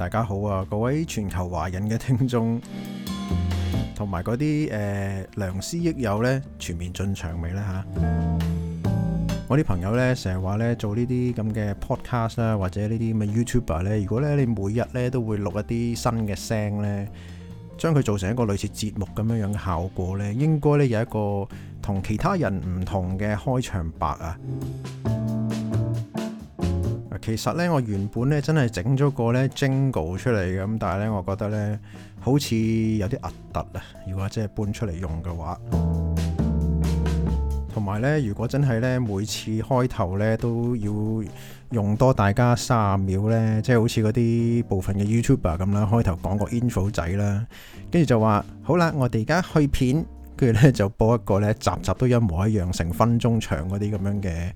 大家好啊！各位全球華人嘅聽眾，同埋嗰啲誒良師益友呢全面進場未呢吓？我啲朋友呢，成日話呢做呢啲咁嘅 podcast 啦，或者呢啲乜 YouTuber 呢？如果呢，你每日呢都會錄一啲新嘅聲呢，將佢做成一個類似節目咁樣樣嘅效果呢，應該呢有一個同其他人唔同嘅開場白啊！其實咧，我原本咧真係整咗個咧 Jingle 出嚟嘅咁，但係咧，我覺得咧好似有啲核突啊！如果真係搬出嚟用嘅話，同埋咧，如果真係咧每次開頭咧都要用多大家三秒咧，即係好似嗰啲部分嘅 YouTuber 咁啦，開頭講個 info 仔啦，跟住就話好啦，我哋而家去片，跟住呢就播一個咧集集都一模一樣，成分鐘長嗰啲咁樣嘅。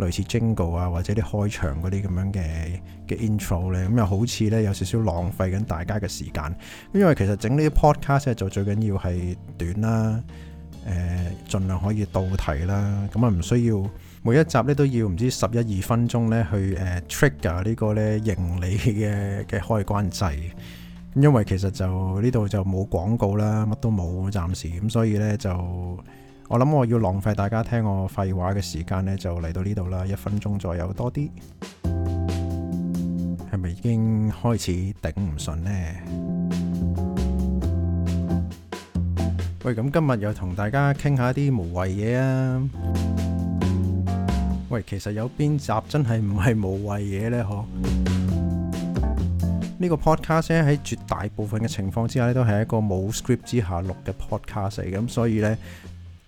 類似 Jingle 啊，或者啲開場嗰啲咁樣嘅嘅 intro 咧，咁又好似咧有少少浪費緊大家嘅時間，因為其實整呢啲 podcast 就最緊要係短啦，誒、呃，盡量可以到題啦，咁啊唔需要每一集咧都要唔知十一二分鐘咧去誒 trigger 呢個咧盈利嘅嘅開關掣。因為其實就呢度就冇廣告啦，乜都冇，暫時咁，所以咧就。我諗我要浪費大家聽我廢話嘅時間呢，就嚟到呢度啦，一分鐘左右多啲，係咪已經開始頂唔順呢？喂，咁今日又同大家傾下啲無謂嘢啊！喂，其實有邊集真係唔係無謂嘢呢？嗬，呢個 podcast 呢喺絕大部分嘅情況之下都係一個冇 script 之下錄嘅 podcast 嚟，咁所以呢。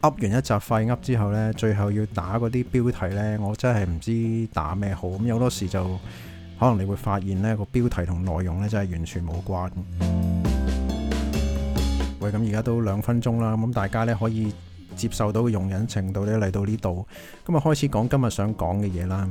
噏完一集廢噏之後呢，最後要打嗰啲標題呢，我真係唔知打咩好。咁有多時就可能你會發現呢個標題同內容呢，真係完全冇關。喂，咁而家都兩分鐘啦，咁大家呢可以接受到嘅容忍程度呢，嚟到呢度，咁我開始講今日想講嘅嘢啦。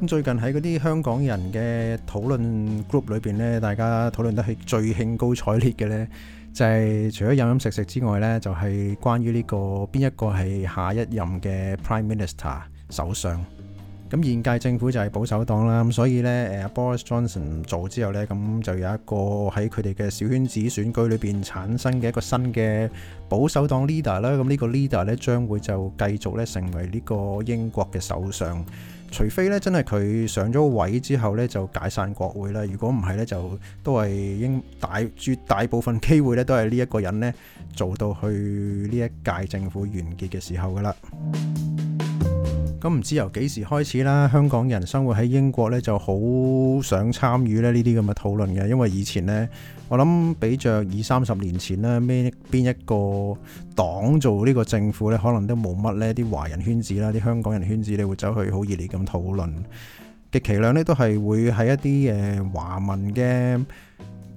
咁最近喺嗰啲香港人嘅討論 group 裏面呢，大家討論得係最興高采烈嘅呢。就係除咗飲飲食食之外呢，就係關於呢個邊一個係下一任嘅 Prime Minister 首相。咁現屆政府就係保守黨啦，咁所以呢 Boris Johnson 做之後呢，咁就有一個喺佢哋嘅小圈子選舉裏面產生嘅一個新嘅保守黨 leader 啦。咁呢個 leader 呢，將會就繼續呢成為呢個英國嘅首相。除非咧真係佢上咗位之後咧就解散國會啦，如果唔係咧就都係英大絕大部分機會咧都係呢一個人咧做到去呢一屆政府完結嘅時候㗎啦。咁唔知由幾時開始啦？香港人生活喺英國呢就好想參與咧呢啲咁嘅討論嘅。因為以前呢，我諗比着二三十年前呢，咩邊一個黨做呢個政府呢，可能都冇乜呢啲華人圈子啦，啲香港人圈子，你會走去好熱烈咁討論。極其量呢都係會喺一啲誒華文嘅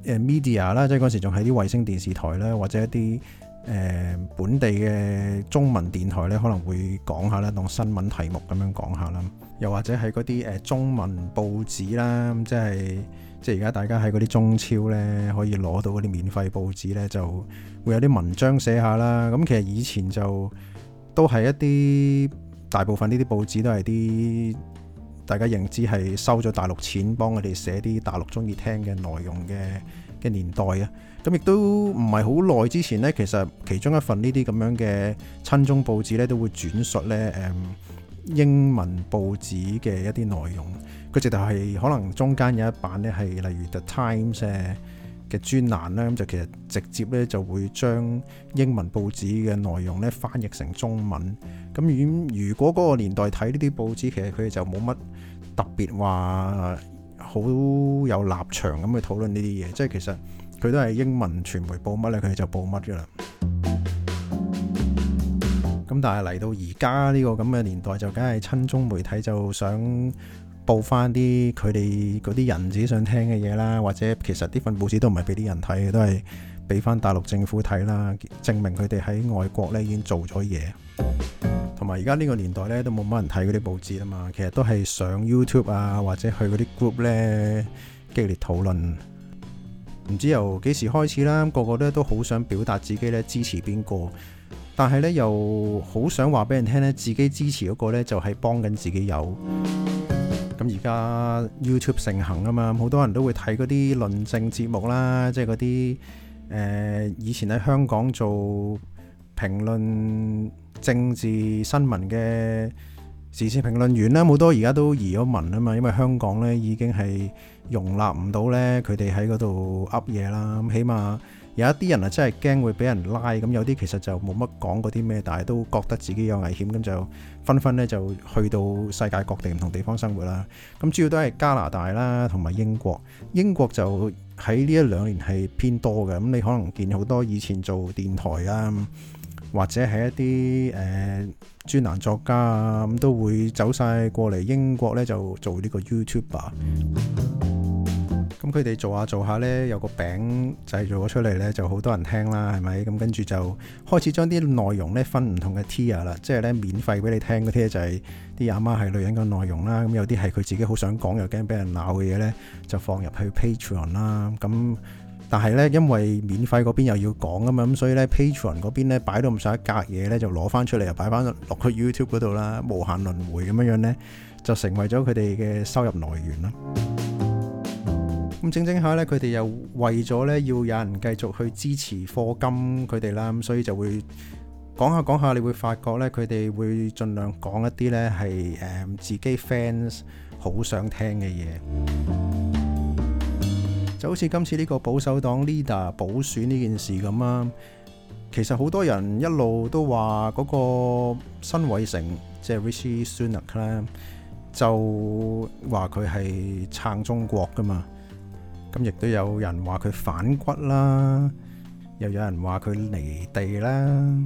誒 media 啦，即係嗰時仲喺啲衛星電視台啦，或者一啲。本地嘅中文電台咧，可能會講下啦，當新聞題目咁樣講下啦。又或者喺嗰啲誒中文報紙啦，即係即係而家大家喺嗰啲中超呢，可以攞到嗰啲免費報紙呢，就會有啲文章寫下啦。咁其實以前就都係一啲大部分呢啲報紙都係啲大家認知係收咗大陸錢，幫佢哋寫啲大陸鍾意聽嘅內容嘅。嘅年代啊，咁亦都唔係好耐之前呢。其實其中一份呢啲咁樣嘅親中報紙呢，都會轉述呢誒英文報紙嘅一啲內容。佢直頭係可能中間有一版呢，係例如 The Times 嘅嘅專欄咧，咁就其實直接呢就會將英文報紙嘅內容呢，翻譯成中文。咁如果如果嗰個年代睇呢啲報紙，其實佢哋就冇乜特別話。好有立場咁去討論呢啲嘢，即係其實佢都係英文傳媒報乜咧，佢哋就報乜噶啦。咁但係嚟到而家呢個咁嘅年代，就梗係親中媒體就想報翻啲佢哋嗰啲人自己想聽嘅嘢啦，或者其實呢份報紙都唔係俾啲人睇，都係俾翻大陸政府睇啦，證明佢哋喺外國呢已經做咗嘢。同埋而家呢個年代呢，都冇乜人睇嗰啲報紙啊嘛，其實都係上 YouTube 啊，或者去嗰啲 group 呢激烈討論。唔知由幾時開始啦，個個呢都好想表達自己呢支持邊個，但係呢又好想話俾人聽呢自己支持嗰個呢就係幫緊自己有。咁而家 YouTube 盛行啊嘛，好多人都會睇嗰啲論證節目啦，即係嗰啲誒以前喺香港做評論。政治新聞嘅時事評論員咧，好多而家都移咗民啊嘛，因為香港呢已經係容納唔到呢佢哋喺嗰度噏嘢啦。咁起碼有一啲人啊，真係驚會俾人拉，咁有啲其實就冇乜講過啲咩，但係都覺得自己有危險，咁就紛紛呢，就去到世界各地唔同地方生活啦。咁主要都係加拿大啦，同埋英國。英國就喺呢一兩年係偏多嘅。咁你可能見好多以前做電台啊。或者係一啲誒、呃、專欄作家啊，咁都會走晒過嚟英國呢，就做呢個 YouTuber 咁佢哋做下做下呢，有個餅製造咗出嚟呢，就好多人聽啦，係咪？咁跟住就開始將啲內容呢分唔同嘅 tier 啦，即係呢免費俾你聽嗰啲就係啲阿媽係女人嘅內容啦。咁有啲係佢自己好想講又驚俾人鬧嘅嘢呢，就放入去 Patreon 啦。咁但係咧，因為免費嗰邊又要講啊嘛，咁所以咧，Patreon 嗰邊咧，擺到唔少一格嘢咧，就攞翻出嚟又擺翻落去 YouTube 嗰度啦，無限輪迴咁樣樣咧，就成為咗佢哋嘅收入來源啦。咁整整下咧，佢哋又為咗咧要有人繼續去支持課金佢哋啦，咁所以就會講下講下，你會發覺咧，佢哋會盡量講一啲咧係誒自己 fans 好想聽嘅嘢。就好似今次呢個保守黨 leader 補選呢件事咁啊，其實好多人一路都話嗰個辛偉誠，即係 Rishi Sunak 啦，就話佢係撐中國噶嘛。咁亦都有人話佢反骨啦，又有人話佢離地啦。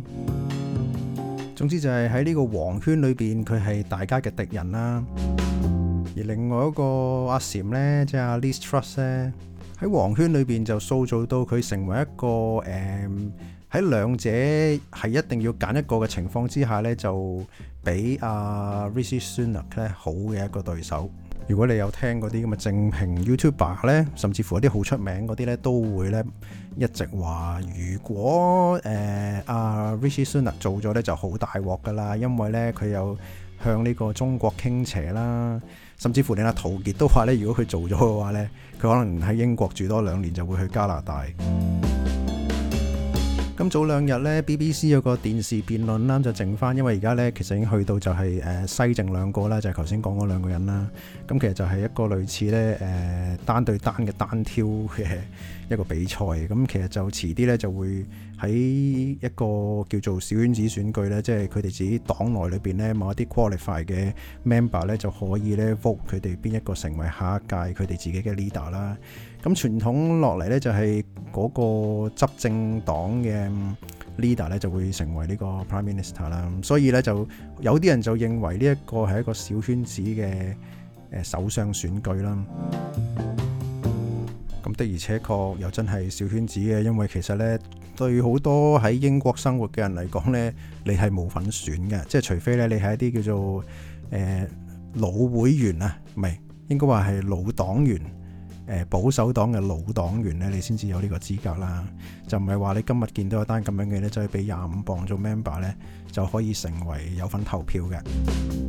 總之就係喺呢個黃圈裏邊，佢係大家嘅敵人啦。而另外一個阿禪呢，即係阿 Liz Truss 呢。喺黃圈裏邊就塑造到佢成為一個誒，喺、嗯、兩者係一定要揀一個嘅情況之下呢，就俾阿、啊、Rishi Sunak 好嘅一個對手。如果你有聽嗰啲咁嘅正評 YouTuber 呢，甚至乎一啲好出名嗰啲呢，都會呢一直話：如果誒阿、嗯啊、Rishi Sunak 做咗呢，就好大鑊噶啦，因為呢，佢有向呢個中國傾斜啦，甚至乎連阿陶傑都話呢，如果佢做咗嘅話呢。」佢可能喺英國住多兩年就會去加拿大。咁早兩日咧，BBC 有個電視辯論啦，就剩翻，因為而家咧其實已經去到就係誒死淨兩個啦，就係頭先講嗰兩個人啦。咁其實就係一個類似咧誒、呃、單對單嘅單挑嘅一個比賽。咁其實就遲啲咧就會喺一個叫做小圈子選舉咧，即係佢哋自己黨內裏邊咧某一啲 qualified 嘅 member 咧就可以咧 vote 佢哋邊一個成為下一屆佢哋自己嘅 leader 啦。咁傳統落嚟呢就係嗰個執政黨嘅 leader 呢就會成為呢個 Prime Minister 啦，所以呢就有啲人就認為呢一個係一個小圈子嘅誒首相選舉啦。咁的而且確又真係小圈子嘅，因為其實呢對好多喺英國生活嘅人嚟講呢，你係冇份選嘅，即係除非呢你係一啲叫做誒老會員啊，唔係應該話係老黨員。保守黨嘅老黨員咧，你先至有呢個資格啦，就唔係話你今日見到一單咁樣嘅咧，就俾廿五磅做 member 咧，就可以成為有份投票嘅。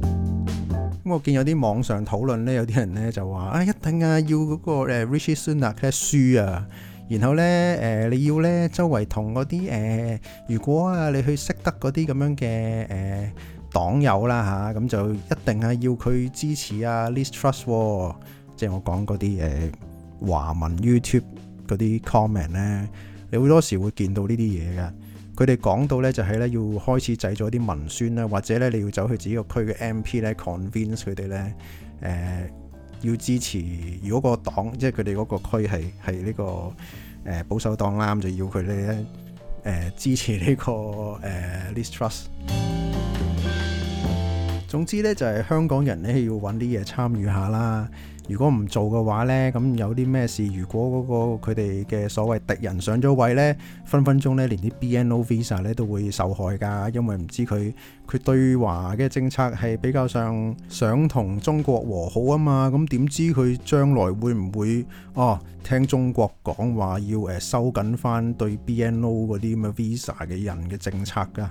咁 我見有啲網上討論咧，有啲人咧就話啊，一定要、那個、啊要嗰個 Rishi Sunak 輸啊，然後咧誒、啊、你要咧周圍同嗰啲誒，如果啊你去識得嗰啲咁樣嘅誒、啊、黨友啦嚇，咁、啊、就一定係要佢支持啊，Liz Truss 喎、哦。即係我講嗰啲誒華文 YouTube 嗰啲 comment 咧，你好多時會見到呢啲嘢嘅。佢哋講到咧就係咧要開始製造啲文宣啦，或者咧你要走去自己個區嘅 M.P. 咧 convince 佢哋咧誒要支持。如果個黨即係佢哋嗰個區係呢、呢個誒、呃、保守黨啦，咁就要佢哋咧誒支持呢、呢個誒。Liz Truss 總之咧就係、係、香港人咧要揾啲嘢參與下啦。如果唔做嘅話呢，咁有啲咩事？如果嗰個佢哋嘅所謂敵人上咗位呢，分分鐘咧連啲 BNO visa 咧都會受害㗎，因為唔知佢佢對華嘅政策係比較上想同中國和好啊嘛，咁點知佢將來會唔會哦、啊、聽中國講話要誒收緊返對 BNO 嗰啲咁嘅 visa 嘅人嘅政策㗎？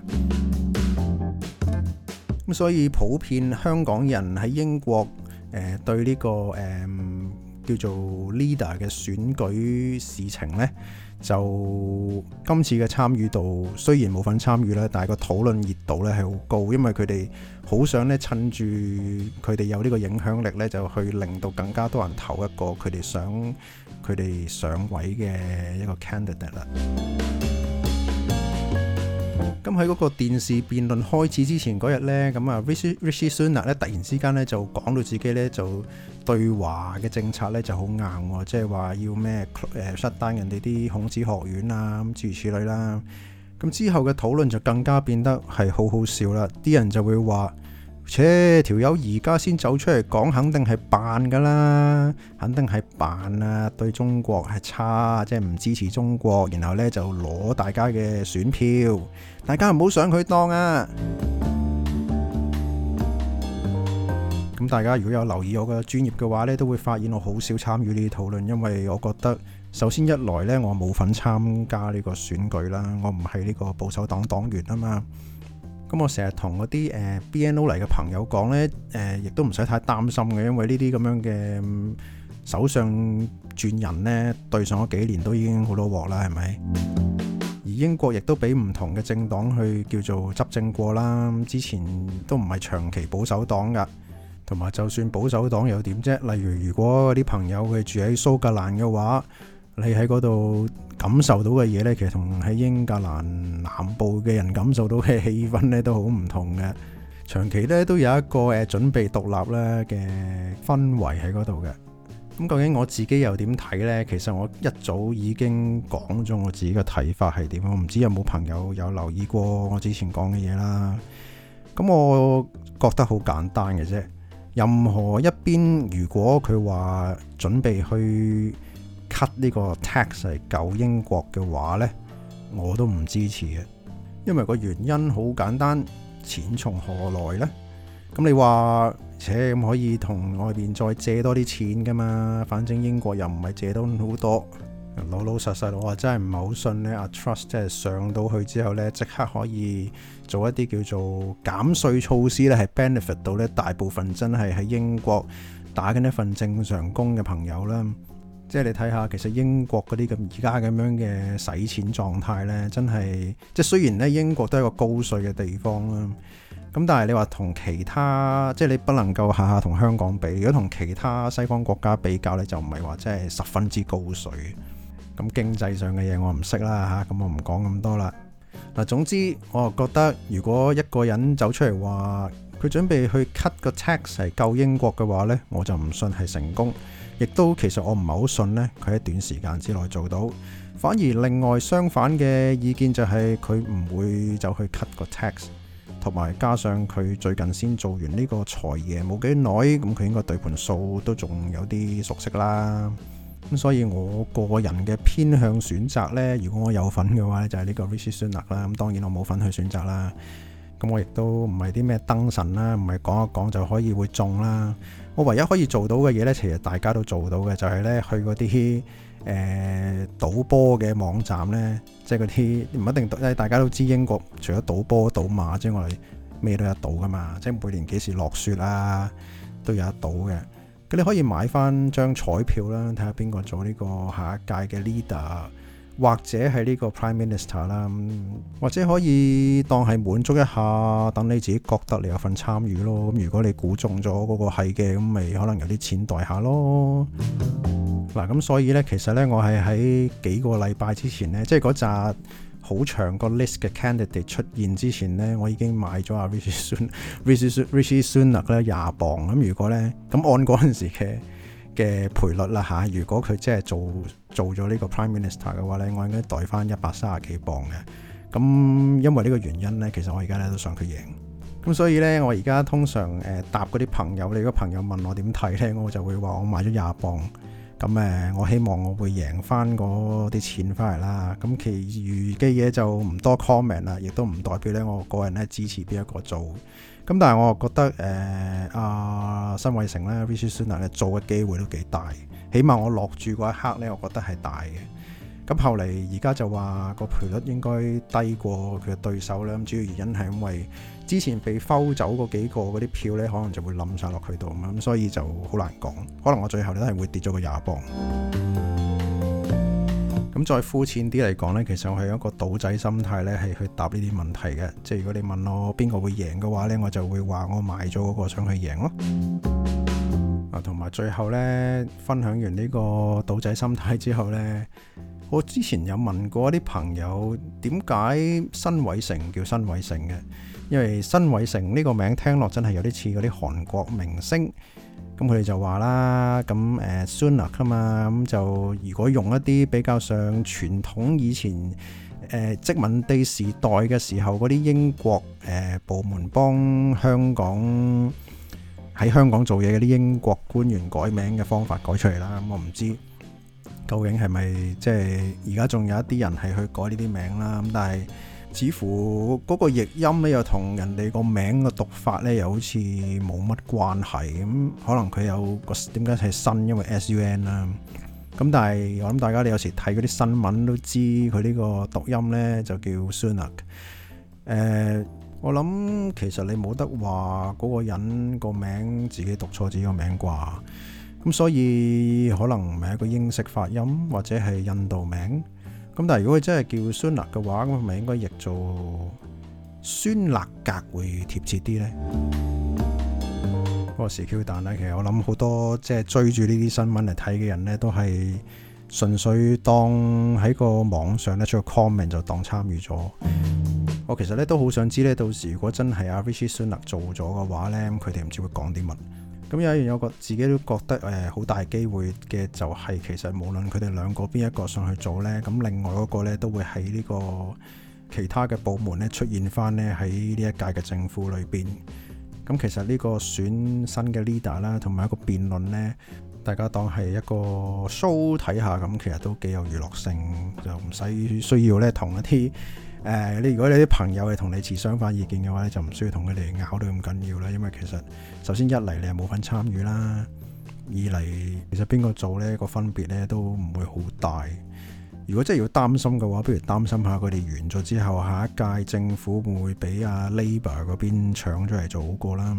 咁所以普遍香港人喺英國。誒、呃、對呢個誒、嗯、叫做 leader 嘅選舉事情呢，就今次嘅參與度雖然冇份參與咧，但係個討論熱度咧係好高，因為佢哋好想咧趁住佢哋有呢個影響力咧，就去令到更加多人投一個佢哋想佢哋上位嘅一個 candidate 啦。咁喺嗰個電視辯論開始之前嗰日呢，咁啊 Rishi Rishi Sunak 咧突然之間咧就講到自己呢，就對華嘅政策呢就好硬喎、哦，即係話要咩誒失單人哋啲孔子學院啊咁諸如此類啦。咁之，之後嘅討論就更加變得係好好笑啦，啲人就會話。切，條友而家先走出嚟講，肯定係扮㗎啦，肯定係扮啊！對中國係差，即係唔支持中國，然後呢就攞大家嘅選票，大家唔好上佢當啊！咁、嗯、大家如果有留意我嘅專業嘅話呢，都會發現我好少參與呢啲討論，因為我覺得首先一來呢，我冇份參加呢個選舉啦，我唔係呢個保守黨黨員啊嘛。咁我成日同嗰啲誒 BNO 嚟嘅朋友講咧，誒亦都唔使太擔心嘅，因為呢啲咁樣嘅首相轉人咧，對上咗幾年都已經好多鑊啦，係咪？而英國亦都俾唔同嘅政黨去叫做執政過啦，之前都唔係長期保守黨噶，同埋就算保守黨又點啫？例如如果啲朋友佢住喺蘇格蘭嘅話，你喺嗰度感受到嘅嘢呢，其實同喺英格蘭南部嘅人感受到嘅氣氛呢，都好唔同嘅。長期呢，都有一個誒準備獨立咧嘅氛圍喺嗰度嘅。咁究竟我自己又點睇呢？其實我一早已經講咗我自己嘅睇法係點。我唔知有冇朋友有留意過我之前講嘅嘢啦。咁我覺得好簡單嘅啫。任何一邊如果佢話準備去，cut 呢個 tax 係救英國嘅話呢，我都唔支持嘅，因為個原因好簡單，錢從何來呢？咁你話，而且可以同外邊再借多啲錢噶嘛？反正英國又唔係借到好多。老老實實，我真係唔係好信呢。阿、啊、Trust 真係上到去之後呢，即刻可以做一啲叫做減稅措施呢，係 benefit 到呢大部分真係喺英國打緊一份正常工嘅朋友啦。即係你睇下，其實英國嗰啲咁而家咁樣嘅使錢狀態呢，真係即係雖然呢，英國都係一個高稅嘅地方啦，咁但係你話同其他即係你不能夠下下同香港比，如果同其他西方國家比較呢，就唔係話真係十分之高稅。咁經濟上嘅嘢我唔識啦嚇，咁我唔講咁多啦。嗱，總之我覺得如果一個人走出嚟話佢準備去 cut 個 tax 係救英國嘅話呢，我就唔信係成功。亦都其實我唔係好信呢，佢喺短時間之內做到。反而另外相反嘅意見就係佢唔會就去 cut 個 tax，同埋加上佢最近先做完呢個財爺冇幾耐，咁佢應該對盤數都仲有啲熟悉啦。咁所以我個人嘅偏向選擇呢，如果我有份嘅話呢，就係呢個 Rishi Sunak 啦。咁當然我冇份去選擇啦。咁我亦都唔係啲咩燈神啦，唔係講一講就可以會中啦。我唯一可以做到嘅嘢呢，其實大家都做到嘅，就係呢去嗰啲誒賭波嘅網站呢，即係嗰啲唔一定，大家都知英國除咗賭波賭馬之外，咩都有得賭㗎嘛，即係每年幾時落雪啊，都有得賭嘅。咁你可以買翻張彩票啦，睇下邊個做呢個下一屆嘅 leader。或者係呢個 Prime Minister 啦，或者可以當係滿足一下，等你自己覺得你有份參與咯。咁如果你估中咗嗰個係嘅，咁咪可能有啲錢袋下咯。嗱、啊，咁所以呢，其實呢，我係喺幾個禮拜之前呢，即係嗰扎好長個 list 嘅 candidate 出現之前呢，我已經買咗阿 Rishi Sun、 Rishi Sun、Rishi Sunak，咧廿磅。咁如果呢，咁按嗰陣時嘅。嘅賠率啦嚇，如果佢真係做做咗呢個 prime minister 嘅話呢，我應該袋翻一百三十幾磅嘅。咁因為呢個原因呢，其實我而家咧都想佢贏。咁所以呢，我而家通常誒答嗰啲朋友，你如果朋友問我點睇呢，我就會話我買咗廿磅。咁誒，我希望我會贏翻嗰啲錢翻嚟啦。咁其餘嘅嘢就唔多 comment 啦，亦都唔代表呢我個人咧支持邊一個做。咁但係我又覺得誒阿、呃啊、辛偉誠咧 Rishi Sunak 咧做嘅機會都幾大，起碼我落注嗰一刻咧，我覺得係大嘅。咁後嚟而家就話個賠率應該低過佢嘅對手咧，咁主要原因係因為之前被摟走嗰幾個嗰啲票咧，可能就會冧晒落佢度，咁所以就好難講。可能我最後都係會跌咗個廿磅。咁再膚淺啲嚟講呢，其實我係一個賭仔心態呢，係去答呢啲問題嘅。即係如果你問我邊個會贏嘅話呢，我就會話我買咗嗰個想去贏咯。同埋最後呢，分享完呢個賭仔心態之後呢，我之前有問過啲朋友點解新偉成叫新偉成嘅，因為新偉成呢個名聽落真係有啲似嗰啲韓國明星。咁佢哋就話啦，咁誒 Sunak 嘛，咁就如果用一啲比較上傳統以前誒殖民地時代嘅時候嗰啲英國誒部門幫香港喺香港做嘢嗰啲英國官員改名嘅方法改出嚟啦，咁我唔知究竟係咪即係而家仲有一啲人係去改呢啲名啦，咁但係。似乎嗰個譯音咧又同人哋個名嘅讀法咧又好似冇乜關係，咁可能佢有個點解係新，因為 SUN 啦。咁但係我諗大家你有時睇嗰啲新聞都知佢呢個讀音咧就叫 Sunak。誒，我諗其實你冇得話嗰個人個名自己讀錯自己個名啩。咁所以可能唔係一個英式發音或者係印度名。咁但係如果佢真係叫酸辣嘅話，咁咪應該譯做酸辣格會貼切啲呢？不過時 q 彈呢，其實我諗好多即係追住呢啲新聞嚟睇嘅人呢，都係純粹當喺個網上咧，出個 comment 就當參與咗。我其實咧都好想知呢，到時如果真係阿 v i c h i e 酸辣做咗嘅話咧，佢哋唔知會講啲乜。咁有一樣，有個自己都覺得呃、好大機會嘅，就係其實無論佢哋兩個邊一個上去做呢，咁另外嗰個呢，都會喺呢個其他嘅部門呢，出現翻呢，喺呢一屆嘅政府裏面。咁其實呢個選新嘅 leader 啦，同埋一個辯論呢，大家當係一個 show 睇下，咁其實都幾有娛樂性，就唔使需要呢同一啲。誒，你、呃、如果你啲朋友係同你持相反意見嘅話咧，就唔需要同佢哋拗到咁緊要啦，因為其實首先一嚟你係冇份參與啦，二嚟其實邊個做呢個分別呢都唔會好大。如果真係要擔心嘅話，不如擔心下佢哋完咗之後下一屆政府會唔會俾阿 Labour 嗰邊搶咗嚟做好過啦。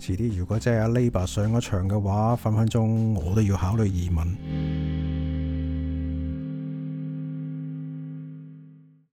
遲啲如果真係阿 Labour 上咗場嘅話，分分鐘我都要考慮移民。